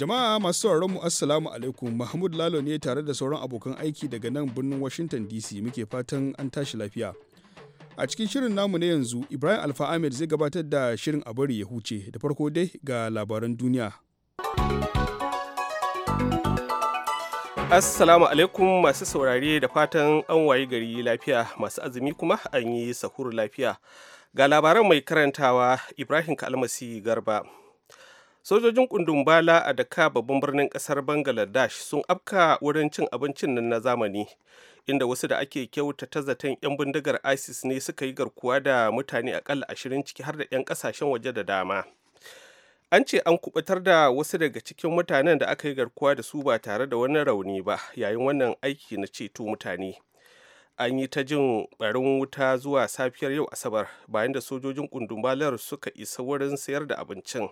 Jama'a masu sauraron mu Assalamu alaikum Mahmud Lalo ne tare da sauran abokan aiki daga nan birnin Washington DC muke fatan an tashi lafiya. A cikin shirin namu na yanzu Ibrahim Alfa Ahmed zai gabatar da shirin a bari ya huce da farko dai ga labaran duniya. Assalamu alaikum masu saurare da fatan an wayi gari lafiya masu azumi kuma an yi sahur lafiya. Ga labaran mai karantawa Ibrahim Kalmasi Garba. sojojin kundin bala a daka babban birnin kasar bangladesh sun afka wurin cin abincin nan na zamani inda wasu da ake kyauta ta zaton 'yan bindigar isis ne suka yi garkuwa da mutane akalla ashirin ciki har da 'yan kasashen waje da dama an ce an kubutar da wasu daga cikin mutanen da aka yi garkuwa da su ba tare da wani rauni ba yayin wannan aiki na ceto mutane an yi ta jin barin wuta zuwa safiyar yau asabar bayan da sojojin kundumbalar suka isa wurin sayar da abincin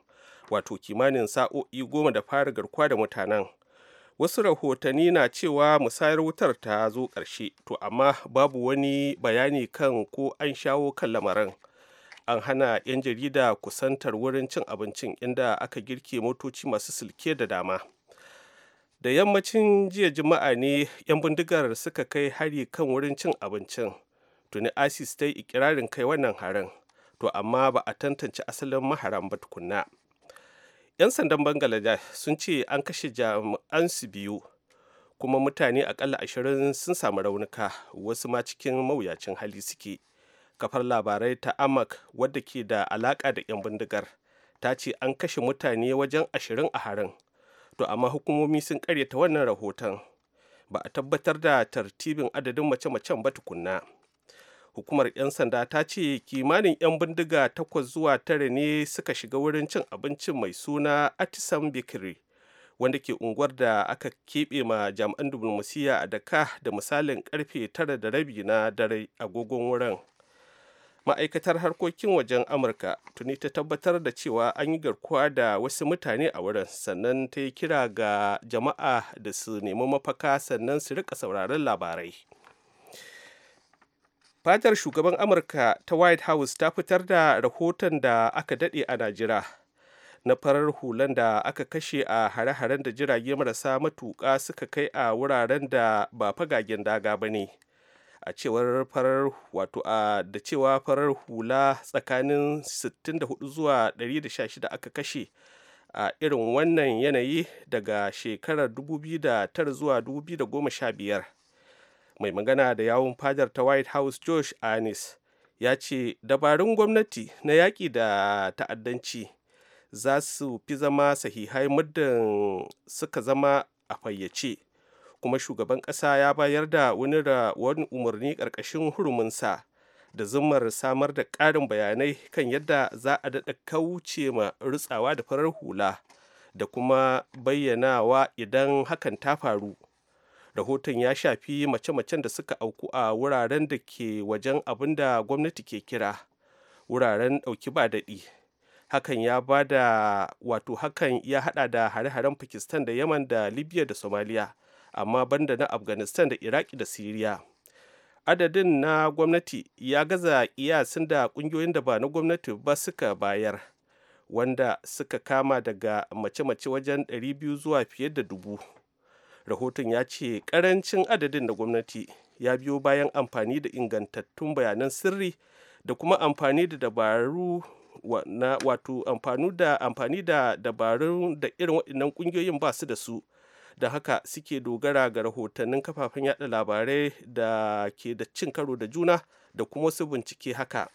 wato kimanin sa'o'i goma da fara garkuwa da mutanen wasu rahotanni na cewa musayar wutar ta zo ƙarshe to amma babu wani bayani kan ko an shawo kan lamarin an hana 'yan jarida kusantar wurin cin abincin inda aka girke motoci masu silke da dama da yammacin jiya juma'a ne 'yan bindigar suka kai hari kan wurin cin abincin tuni asis ta yi ikirarin kai wannan harin to amma ba a tantance asalin maharan ba tukunna 'yan sandan bangaladesh sun ce an kashe jami'an su biyu kuma mutane akalla ashirin sun samu raunuka wasu ma cikin mawuyacin hali suke kafar labarai ta amak wadda ke da alaka da 'yan bindigar ta ce an kashe mutane wajen ashirin a harin to amma hukumomi sun karyata wannan rahoton ba a tabbatar da tartibin adadin mace-macen ba tukunna. hukumar 'yan sanda ta ce kimanin 'yan bindiga takwas zuwa tare ne suka shiga wurin cin abincin mai suna atisan bikiri wanda ke unguwar da aka keɓe ma jami'an diplomasiyya a daka da misalin karfe tara da rabi na dare agogon wurin ma'aikatar harkokin wajen amurka tuni ta tabbatar da cewa an yi garkuwa da wasu mutane a wurin sannan ta yi kira ga jama'a da su nemi mafaka sannan su rika sauraron labarai fadar shugaban amurka ta white house ta fitar da rahoton da aka daɗe a najira na farar hulan da aka kashe a hare-haren da jirage marasa matuƙa suka kai a wuraren da ba fagagen daga ba ne a cewar farar wato a da cewa farar hula tsakanin 64 zuwa 116 aka kashe a irin wannan yanayi daga shekarar 2009 zuwa 2015 mai magana da yawun fadar ta white house josh anis ya ce dabarun gwamnati na yaƙi da ta'addanci za su fi zama sahihai muddin suka zama a fayyace kuma shugaban ƙasa ya bayar da wani umarni ƙarƙashin huruminsa da zumar samar da ƙarin bayanai kan yadda za a daɗa kauce ma rutsawa da farar hula da kuma bayyanawa idan hakan ta faru rahoton ya shafi mace-macen da suka auku a wuraren da ke wajen abin da gwamnati ke kira wuraren ɗauki ba daɗi hakan ya ba da wato hakan ya hada da hare-haren pakistan da yaman da libya da somalia amma banda na afghanistan da iraki da Syria. adadin na gwamnati ya gaza iyasin da kungiyoyin da ba na gwamnati ba suka bayar wanda suka kama daga mace-mace wajen 200 zuwa fiye da dubu rahoton ya ce karancin adadin da gwamnati ya biyo bayan amfani da ingantattun bayanan sirri da kuma amfani da dabaru na wato amfani da amfani da dabarun da irin waɗannan ƙungiyoyin ba su da su da haka suke dogara ga rahotannin kafafen yada labarai da ke da cin karo da juna da kuma wasu bincike haka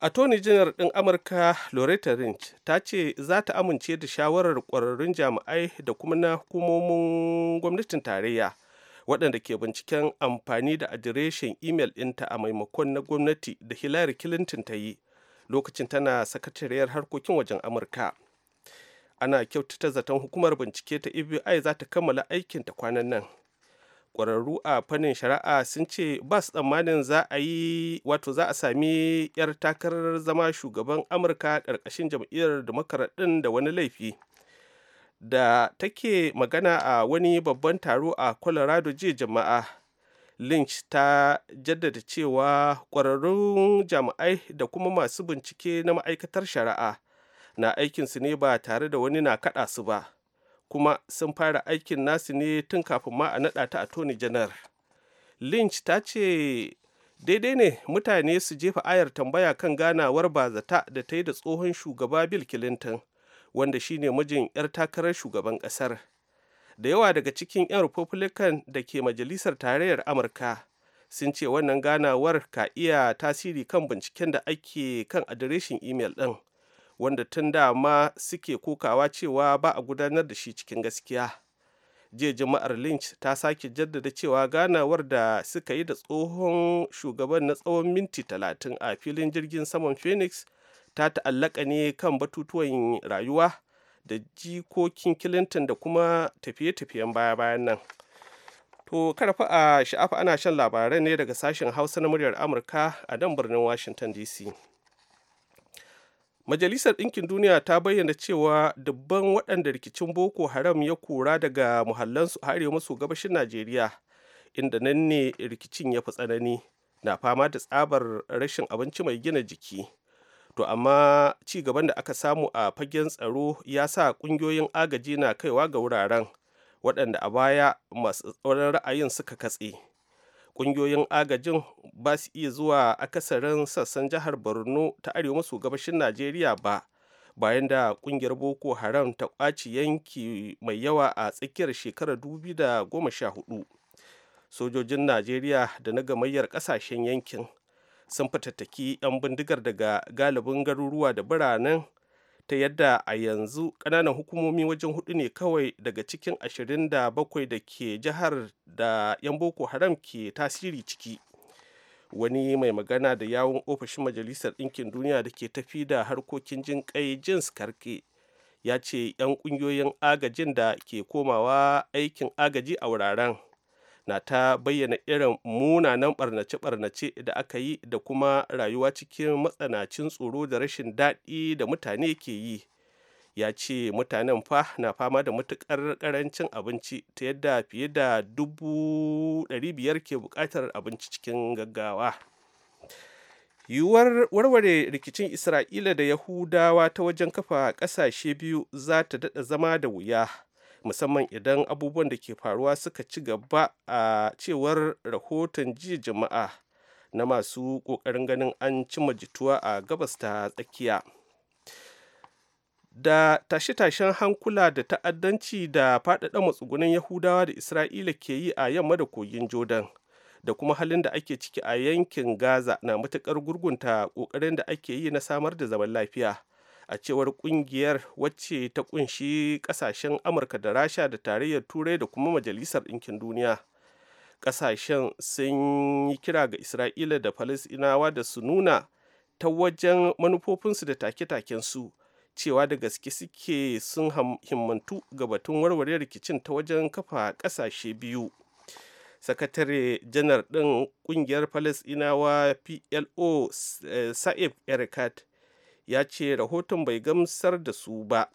attorney general ɗin amurka loretta lynch ta ce za ta amince da shawarar ƙwararrun jami'ai da kuma na hukumomin gwamnatin tarayya waɗanda ke binciken amfani da adireshin imel ɗinta a maimakon na gwamnati da hillary clinton ta yi lokacin tana sakatariyar harkokin wajen amurka ana kyautata zaton hukumar bincike ta fbi e za ta kammala aikinta kwanan nan ƙwararru a fannin shari'a sun ce ba su tsammanin za a yi wato za a sami 'yar takarar zama shugaban amurka ƙarƙashin jam'iyyar demokrat ɗin da wani laifi da take magana a wani babban taro a colorado jiya jama'a lynch ta jaddada cewa ƙwararrun jami'ai da kuma masu bincike na ma'aikatar shari'a na aikinsu ne ba tare da wani na kaɗa su ba kuma sun fara aikin nasu ne tun kafin ma a naɗa ta a attorney janar. lynch ta ce daidai ne mutane su jefa ayar tambaya kan ganawar bazata da ta yi da tsohon shugaba bill clinton wanda shine mijin 'yar takarar shugaban ƙasar da yawa daga cikin 'yan republican da ke majalisar tarayyar amurka sun ce wannan ganawar ka iya tasiri kan binciken da ake kan adireshin imel ɗin wanda tun da ma suke kokawa cewa ba a gudanar da shi cikin gaskiya jiya jama'ar lynch ta sake jaddada cewa ganawar da suka yi da tsohon shugaban na tsawon minti talatin a filin jirgin saman phoenix ta ta'allaka ne kan batutuwan rayuwa da jikokin clinton da kuma tafiye-tafiyen baya-bayan nan to karfa a sha'afa ana shan labarai ne daga sashen hausa na muryar amurka a nan birnin washington dc Majalisar Ɗinkin Duniya ta bayyana cewa dubban waɗanda rikicin Boko Haram ya kura daga muhallansu a arewa maso gabashin Najeriya, inda nan ne rikicin ya fi tsanani, na fama da tsabar rashin abinci mai gina jiki. To amma ci gaban da aka samu a fagen tsaro ya sa ƙungiyoyin agaji na kaiwa ga wuraren waɗanda a baya masu tsoron ra'ayin suka katse. ƙungiyoyin agajin ba su iya zuwa akasarin sassan jihar borno ta arewa maso gabashin najeriya ba bayan da ƙungiyar boko haram ta ƙwace yanki mai yawa a tsakiyar shekarar hudu sojojin najeriya da na gamayyar kasashen yankin sun fatattaki 'yan bindigar daga galibin garuruwa da biranen ta yadda a yanzu ƙananan hukumomi wajen hudu ne kawai daga cikin ashirin da bakwai da ke jihar da 'yan boko haram ke tasiri ciki wani mai magana da yawun ofishin majalisar ɗinkin duniya da ke tafi da harkokin jin kai jins karke ya ce 'yan ƙungiyoyin agajin da ke komawa aikin agaji a wuraren na ta bayyana irin munanan barnace-barnace da aka yi da kuma rayuwa cikin matsanacin tsoro da rashin daɗi da mutane ke yi ya ce mutanen fa na fama da matuƙar ƙarancin abinci ta yadda fiye da dubu biyar ke buƙatar abinci cikin gaggawa yiwuwar warware rikicin isra'ila da yahudawa ta wajen kafa ƙasashe biyu za ta daɗa zama da wuya musamman idan abubuwan da ke faruwa suka ci gaba a cewar rahoton jiya jama'a na masu ƙoƙarin ganin an ci jituwa a gabas ta tsakiya da tashe-tashen hankula da ta'addanci da faɗaɗa matsugunan yahudawa da isra'ila ke yi a yamma da kogin jordan da kuma halin da ake ciki a yankin gaza na matuƙar gurgunta ƙoƙarin da ake yi na samar da zaman lafiya a cewar kungiyar wacce ta kunshi kasashen amurka da rasha da tarayyar turai da kuma majalisar ɗinkin duniya kasashen sun yi kira ga isra'ila da falisinawa da su nuna ta wajen manufofinsu da take-takensu cewa da gaske suke sun himmantu ga batun warware rikicin ta wajen kafa kasashe biyu sakatare janar ɗin ƙungiyar falasɗinawa plo eh, sa'ib erikat ya ce rahoton bai gamsar da su ba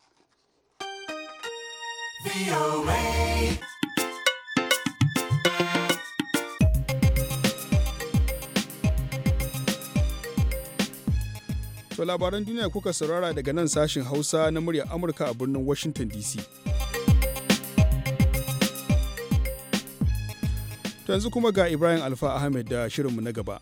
To labaran duniya kuka saurara daga nan sashin Hausa na muryar Amurka a birnin Washington DC. To yanzu kuma ga Ibrahim Alfa Ahmed da shirinmu na gaba.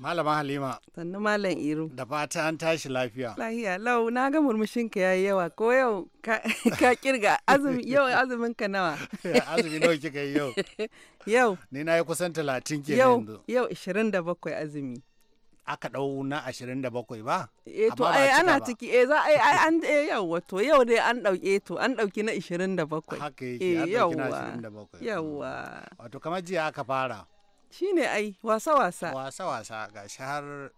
Malama Halima. Sannu Malam Iru. Da fata an tashi lafiya. Lafiya lau na ga murmushin ka yayi yawa ko yau ka kirga azumi yau azumin ka nawa. Azumi nawa kika yi yau? Yau. Ni na yi kusan talatin ke yanzu. Yau ishirin da bakwai azumi. Aka ɗau na ashirin da bakwai ba? E to ai ana ciki e za a yi an e eh, yau, wato yau dai an ɗauke to an ɗauki na ishirin da bakwai. Haka yake an ɗauki na ashirin da bakwai. Yawwa. Wato kamar jiya aka fara. Shi ne ai wasa-wasa wasa-wasa ga har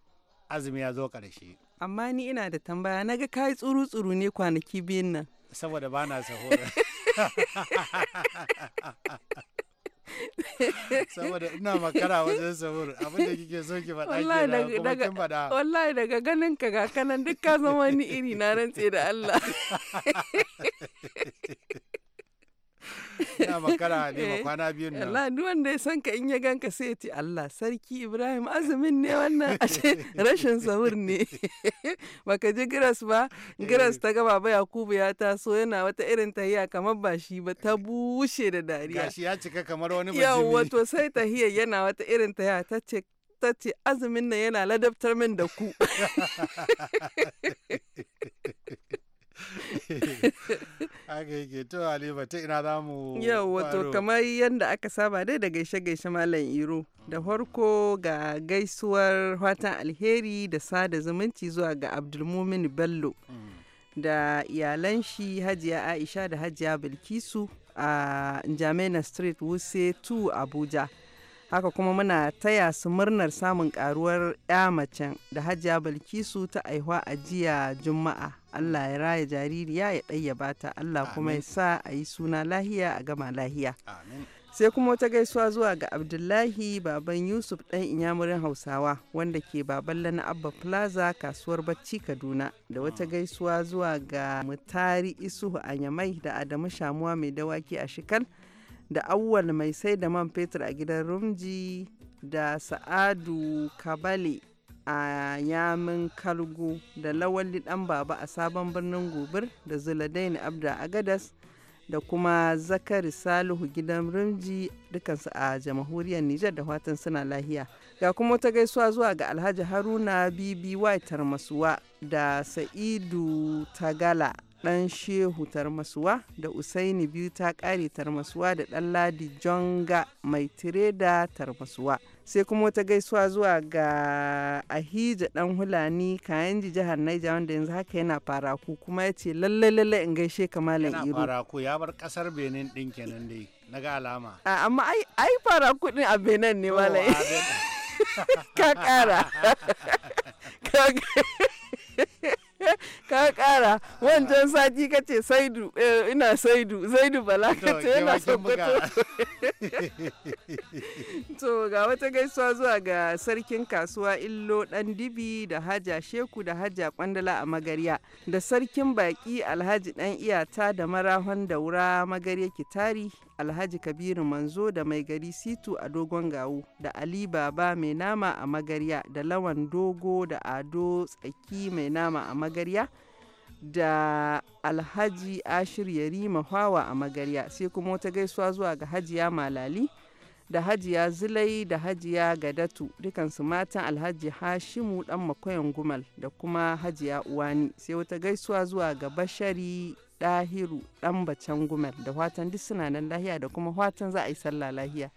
azumi ya zo ƙarshe amma ni ina da tambaya na ga kayi tsuru-tsuru ne kwanaki biyun nan saboda ba na sahura saboda ina makara wajen sahur abinda kike so ki faɗa ke kuma kin faɗa wallahi daga ganin ka ga kanan duk ka zama ni iri na rantse da Allah ina makara ne ma eh, kwana biyun nan Allah duk wanda ya san ka in ya ganka sai ya ce Allah sarki Ibrahim azumin ne wannan ashe rashin sahur ne baka ji giras ba eh. giras ta ga baba Yakubu ya taso yana wata irin tahiya kamar ba shi ba ta bushe da dariya gashi ya cika kamar wani bajimi yawa to sai tahiya yana wata irin tahiya ta ce ta ce azumin nan yana ladabtar min da ku Aka yake to Halima ta ina za mu Yau wato kamar yadda aka saba dai da gaishe-gaishe Malam Iro. Da farko ga gaisuwar fatan alheri da sada zumunci zuwa ga Abdulmumin Bello. Mm. Da iyalan shi Hajiya Aisha da Hajiya Bilkisu a jamena Street Wuse 2 Abuja. haka kuma muna taya su murnar samun karuwar ya macen da hajiya balkisu ta aihwa a jiya juma'a Allah ya raya jaririya ya ɗayyaba ta Allah kuma ya sa a yi suna lahiya a gama lahiya. Sai kuma wata gaisuwa zuwa ga Abdullahi baban Yusuf ɗan inyamurin Hausawa wanda ke baban Lana Abba Plaza kasuwar Bacci Kaduna da wata mm. gaisuwa zuwa ga Mutari Isuhu Anyamai da Adamu Shamuwa mai dawaki a Shikal da Awwal mai sai da man fetur a gidan Rumji da Sa'adu Kabale a yamin kalgu da lawalli dan baba a sabon birnin gobir da zuladaini abda a da kuma zakari salihu gidan rimji dukansu a jamhuriyar nijar da watan suna lahiya ga kuma ta gaisuwa zuwa ga alhaji haruna bby tarmasuwa da sa'idu tagala dan shehu tarmasuwa da usaini biyu ta kare tarmasuwa da dan ladi jonga mai tireda tarmasuwa sai kuma wata gaisuwa zuwa ga ahija dan hulani kayan jihar naija wanda yanzu haka yana faraku kuma ya ce lalle lalle in gaishe ka malam iro faraku ya bar kasar benin din kenan dai na ga alama amma ai ai faraku din a benin ne malam ka kara ka kara wancan sati kace ce saidu eh, ina saidu zaidu bala ka yana tabbato to ga wata gaisuwa zuwa ga sarkin kasuwa illo dan dibi da haja sheku da haja kwandala a magarya da sarkin baki alhaji dan iyata da marahon daura magarya kitari alhaji kabiru manzo da mai gari situ a dogon gawo da ali baba mai nama a magarya da lawan dogo da ado tsaki mai nama a magarya da alhaji ashir yarima hawa a magarya sai kuma wata gaisuwa zuwa ga hajiya malali da hajiya zulai da hajiya gadatu dukansu matan alhaji hashimu dan makoyan gumal da kuma hajiya uwani sai wata gaisuwa zuwa ga bashari Dahiru ɗan bacan gumel da watan duk suna nan lahiya da kuma watan za a yi sallah lahiya.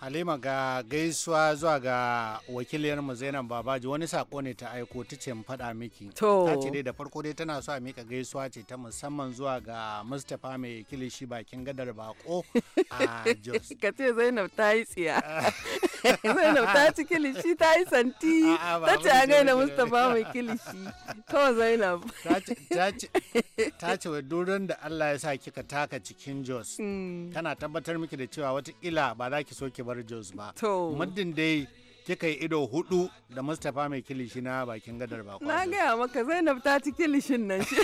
Halima ga gaisuwa zuwa ga wakiliyarmu Zainab Babaji wani sako ne ta aiko ta ce faɗa miki. To. Ta ce dai da farko dai tana so a mika gaisuwa ce ta musamman zuwa ga Mustapha mai kilishi bakin gadar bako a Jos. Ka ce Zainab ta yi tsiya. Zainab ta ci kilishi ta yi santi ta ce a gaina Mustapha mai kilishi kawai Zainab. Ta ce wa duran da Allah ya sa kika taka cikin Jos. kana mm. tabbatar miki da cewa watakila ba za ki so ki bar Jos ba. Muddin dai kika yi ido hudu da mustapha mai kilishi na bakin gadar bako na gaya maka zainab ta ci kilishin nan shi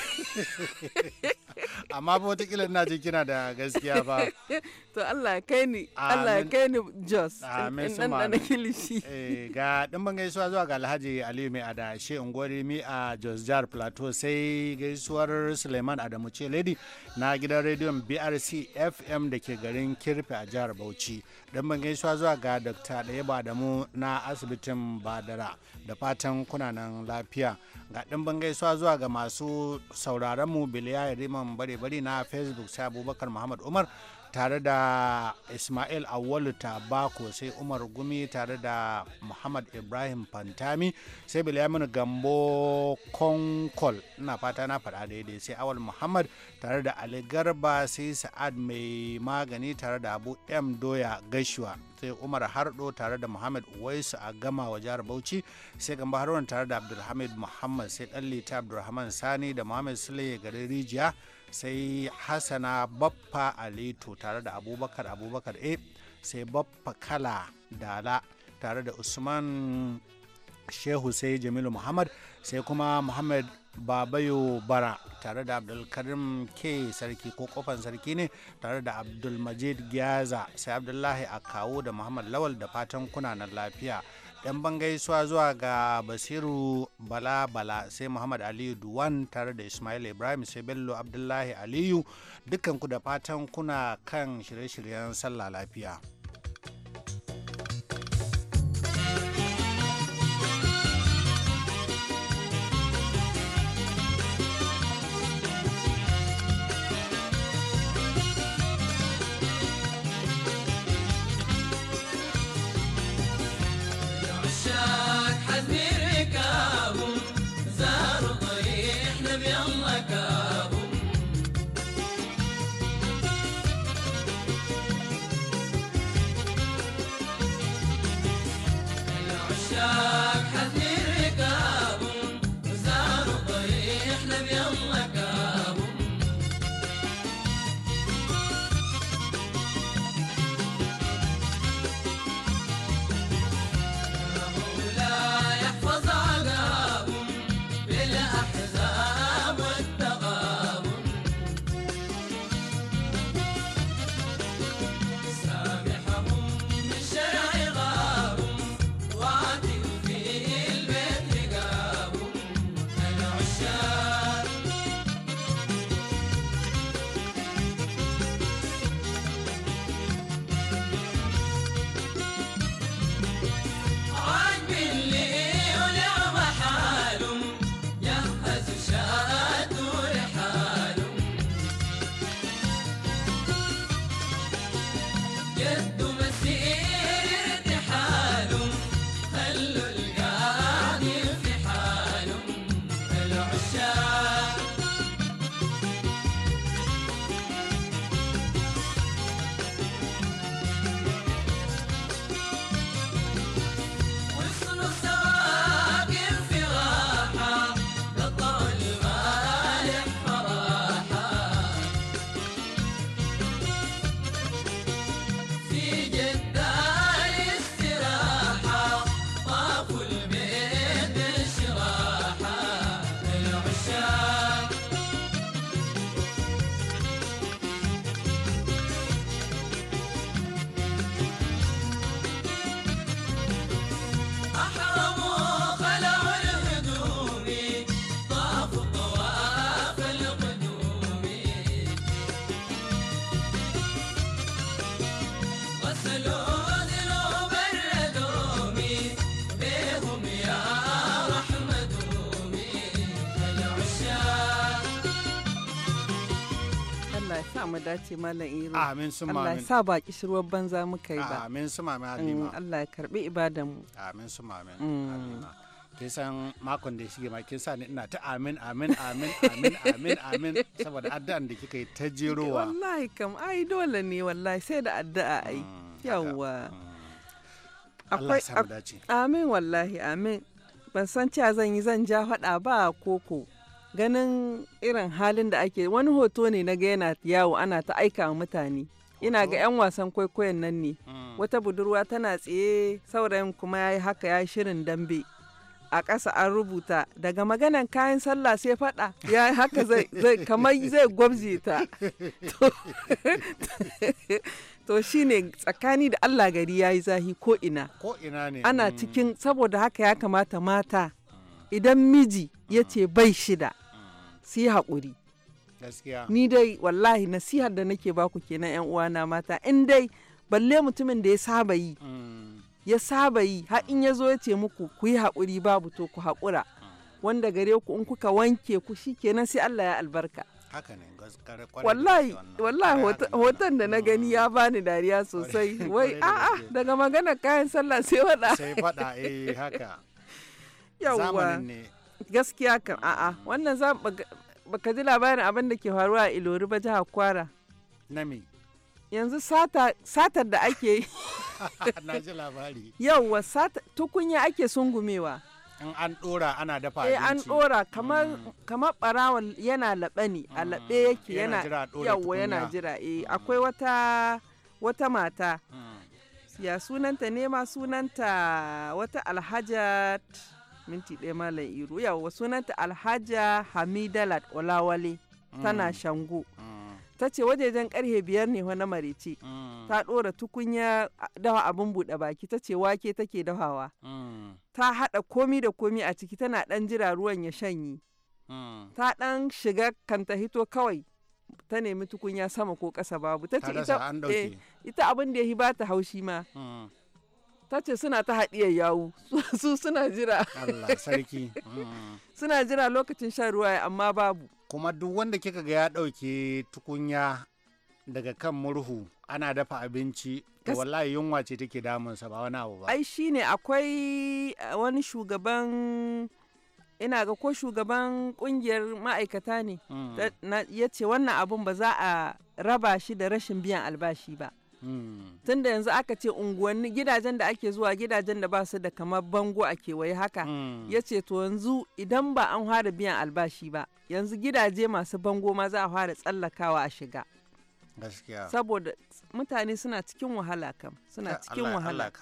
amma ba watakila na ji kina da gaskiya ba. to allah ya kai ni allah kai ni jos in dan na kilishi eh, ga dimbin gaisuwa zuwa ga alhaji aliyu mai ada she ungwari mi a jos jihar plateau sai gaisuwar suleiman adamu ce lady na gidan rediyon brc fm da ke garin kirfe a jihar bauchi dimbin gaisuwa zuwa ga dr ɗaya ba adamu na na asibitin badara da fatan kunanan lafiya ga ɗimbin gaisuwa zuwa ga masu sauraronmu biliya riman bare-bare na facebook sai abubakar muhammad umar tare da ismail awolu tabako sai umar gumi tare da muhammad ibrahim fantami sai bilyamin gambo konkol ina fata na faɗa daidai sai awal muhammad tare da ali garba sai sa'ad mai magani tare da abu m doya gashuwa sai umar hardo tare da muhammad Waisu a gama wa jihar bauchi sai gamba haruna tare da abdulhamid muhammad sai ɗan lita abdulrahman sani da muhammad sule garin rijiya sai hassana baffa aleto tare da abubakar abubakar a sai baffa kala dala tare da usman shehu sai jamilu muhammad sai kuma muhammad babayo bara tare da abdulkarim ke sarki ko kofan sarki ne tare da abdulmajid gyaza sai abdullahi a kawo da muhammad lawal da fatan kunanan lafiya yan bangaisuwa zuwa ga basiru bala bala sai muhammad aliyu duwan tare da ismail ibrahim sai bello abdullahi aliyu dukkan ku da fatan kuna kan shirye-shiryen sallah lafiya. dace malam iro amin su mamin Allah sa ba kishirwar banza muka yi ba amin su mamin halima mm, Allah ya karbi ibadan mu amin su mamin mm. halima kin san makon da ya shige ma kin sa ni ina ta amin amin amin amin amin amin saboda addu'an da kika yi ta jerowa wallahi kam ai dole ne wallahi sai da addu'a ai mm, yawwa akwai amin wallahi amin ban san cewa zan yi zan ja faɗa ba koko ganin irin halin da ake wani hoto ne na ga yana yawo ana ta aika wa mutane ina ga 'yan wasan kwaikwayon nan ne hmm. wata budurwa tana tsaye saurayin kuma ya yi haka ya shirin dambe a ƙasa an rubuta daga maganan kayan sallah sai faɗa ya haka zai kamar zai gwabze ta to shine tsakani da allah gari ya yi zahi ko ina ana hmm. cikin saboda haka ya kamata mata idan miji ya ce bai shida su yi haƙuri gaskiya ni dai wallahi nasihar da nake baku kenan yan uwana mata in dai balle mutumin da ya saba yi mm. ya saba yi har in ya zo ya ce muku ku yi haƙuri babu to ku haƙura mm. wanda gare ku in kuka wanke ku shi kenan sai Allah ya albarka wallahi wallahi hoton da na gani ya mm. bani dariya sosai wai a'a daga magana kayan sallah sai wada sai faɗa eh haka yawwa gaskiya kan a'a wannan za baka ji labarin abin da ke faruwa a ilori ba jihar kwara na me yanzu satar da ake yi na ji labari yauwa tukunya ake sungumewa in an dora ana dafa abinci eh an dora kamar mm. kamar barawan yana laɓe ne a mm. laɓe yake yana yauwa yana jira eh mm. akwai wata wata mata ya sunanta nema sunanta wata alhajat minti ɗaya malam iro yawa sunanta alhaja hamidalat olawale mm. tana shango mm. ta ce wajejen karhe biyar ne na marice mm. ta ɗora tukunya dawa abin buɗe baki ta ce wake take dawawa. ta haɗa komi da komi a ciki tana ɗan jira ruwan ya shanye ta ɗan shiga kanta hito kawai ta nemi tukunya sama ko ƙasa babu ta ce eh, ita abin da ya hi ta haushi ma ta ce suna ta haɗiya yawu su suna jira sarki suna jira lokacin shan ruwa amma babu kuma duk wanda kika ga ya ɗauke tukunya daga kan murhu ana dafa abinci wallahi yunwa ce take damunsa ba wani abu ba ai shine akwai wani shugaban ina ga ko shugaban kungiyar ma'aikata ne mm. ya ce wannan abun ba za a raba shi da rashin biyan albashi ba tun da yanzu aka ce unguwanni gidajen da ake zuwa gidajen da ba su da kamar bango a kewaye haka hmm. ya ce to yanzu idan ba an fara biyan albashi ba yanzu gidaje masu bango ma za a fara tsallakawa a shiga saboda mutane suna cikin wahala kam suna cikin wahala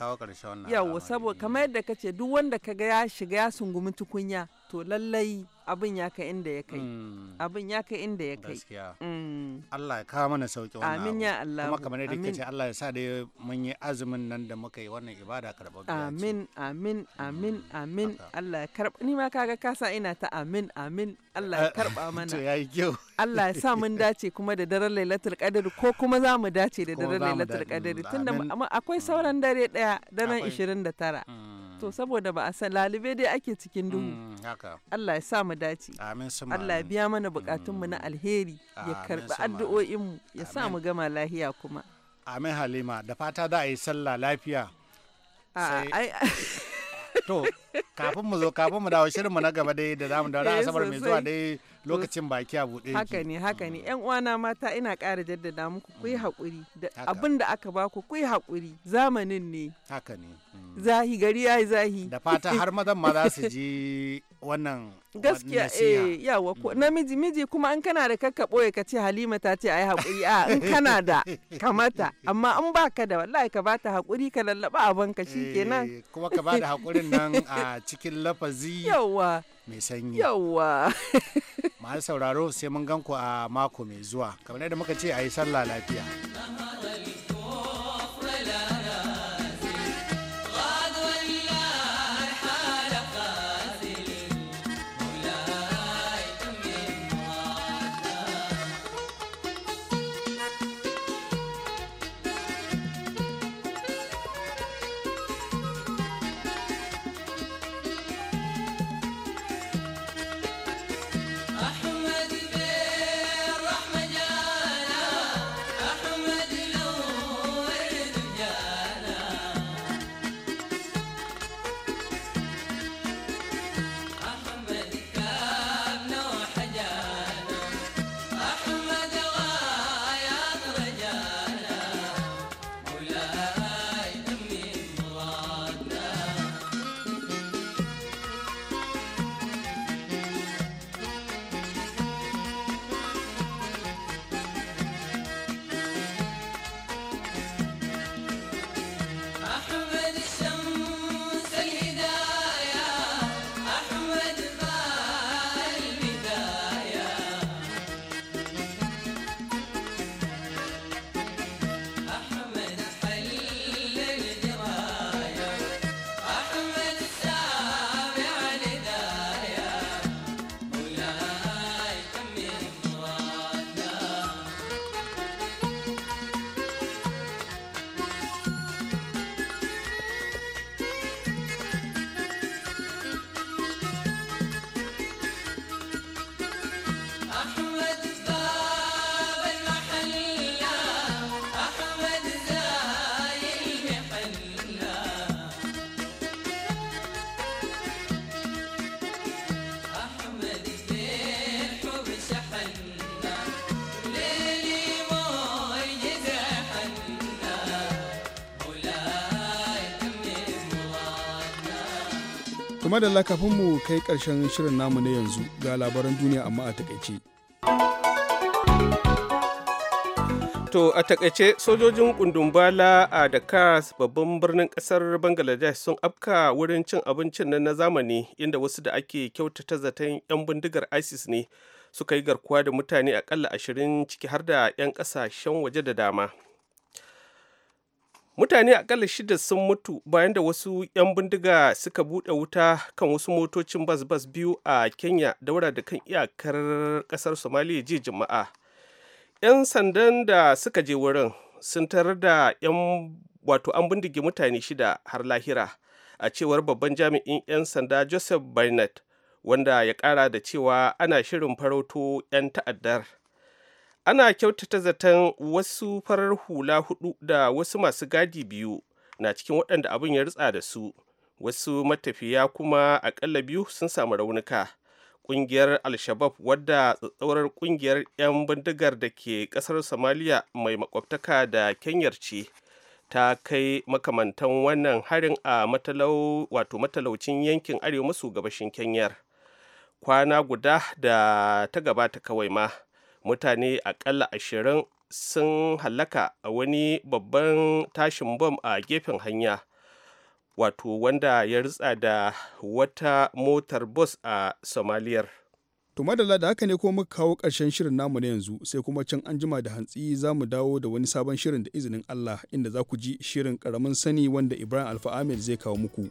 yawo saboda kamar yadda ka ce duk wanda ka ga ya shiga ya sungumi tukunya to lallai abin ya kai inda ya kai mm. abin ya kai inda ya kai mm. Allah ya kawo mana sauki wannan amin ya Allah kuma kamar yadda kace Allah ya sa da mun yi azumin nan da muka yi wannan ibada karɓar biya amin amin mm. amin amin Allah ya karɓa ni ma kaga ka sa ina ta amin amin Allah ya karɓa mana to yayi kyau Allah ya sa mun dace kuma da daren Lailatul Qadr ko kuma za mu dace da daren Lailatul Qadr tunda akwai sauran dare daya daren 29 To saboda ba a san lalibe dai ake cikin duhu. Mm, Allah ya sa mu dace. Amin Allah ya biya mana bukatunmu na mm. alheri ya karbi addu'o'inmu ya sa mu gama lahiya kuma. Amin Halima da fata za a yi sallah lafiya. To kafin mu zo kafin mu dawo mu na gaba dai da zamu dawo eh, asabar mai zuwa dai lokacin baki a buɗe haka ne haka ne mm. yan uwana mata ina ƙara jaddada muku ku yi mm. haƙuri da abin da aka baku ku yi haƙuri zamanin ne haka ne mm. zahi gari yi zahi da fata har mazan ma za su ji wannan gaskiya eh yawa ko namiji miji kuma an kana da kakka boye ka ce Halima ta ce ai hakuri a in kana da kamata amma an baka da wallahi ka bata hakuri ka lallaba abanka shikenan eh, kuma ka bada hakurin nan a cikin lafazi yawa mai sanyi Yawwa! sauraro sai mun ganku a mako mai zuwa kamar yadda muka ce a yi sallah lafiya madalla kafin mu kai karshen shirin namu na yanzu ga labaran duniya amma a takaice. To a takaice sojojin kundumbala a Dakar babban birnin kasar Bangladesh sun afka wurin cin abincin nan na zamani inda wasu da ake kyautata zaton 'yan bindigar ISIS ne suka yi garkuwa da mutane akalla ashirin ciki har da 'yan ƙasashen waje da dama. mutane akalla shida sun mutu bayan da wasu 'yan bindiga suka buɗe wuta kan wasu motocin bas-bas biyu a kenya daura da kan iyakar ƙasar somaliya jiya juma'a 'yan sandan da suka je wurin sun tarar da 'yan wato an bindige mutane shida har lahira a cewar babban jami'in 'yan sanda joseph barnett wanda ya ƙara da cewa ana shirin farauto 'yan ta'addar ana kyautata zaton wasu farar hula hudu da wasu masu gadi biyu na cikin waɗanda abin ya rutsa da su wasu matafiya kuma akalla biyu sun samu raunuka ƙungiyar Alshabab, wadda tsatsaurar ƙungiyar 'yan bindigar da ke ƙasar somaliya mai makwabtaka da kenyar ce ta kai makamantan wannan harin a wato matalaucin yankin arewa maso gabashin kenyar kwana guda da ta gabata kawai ma mutane akalla ashirin sun hallaka a wani babban tashin bom a gefen hanya wato wanda ya ritsa da wata motar bus a somaliyar to madalla da haka ne kuma muka kawo ƙarshen shirin namu na yanzu sai kuma can an jima da hantsi za mu dawo da wani sabon shirin da izinin allah inda za ku ji shirin ƙaramin sani wanda ibrahim alfa zai kawo muku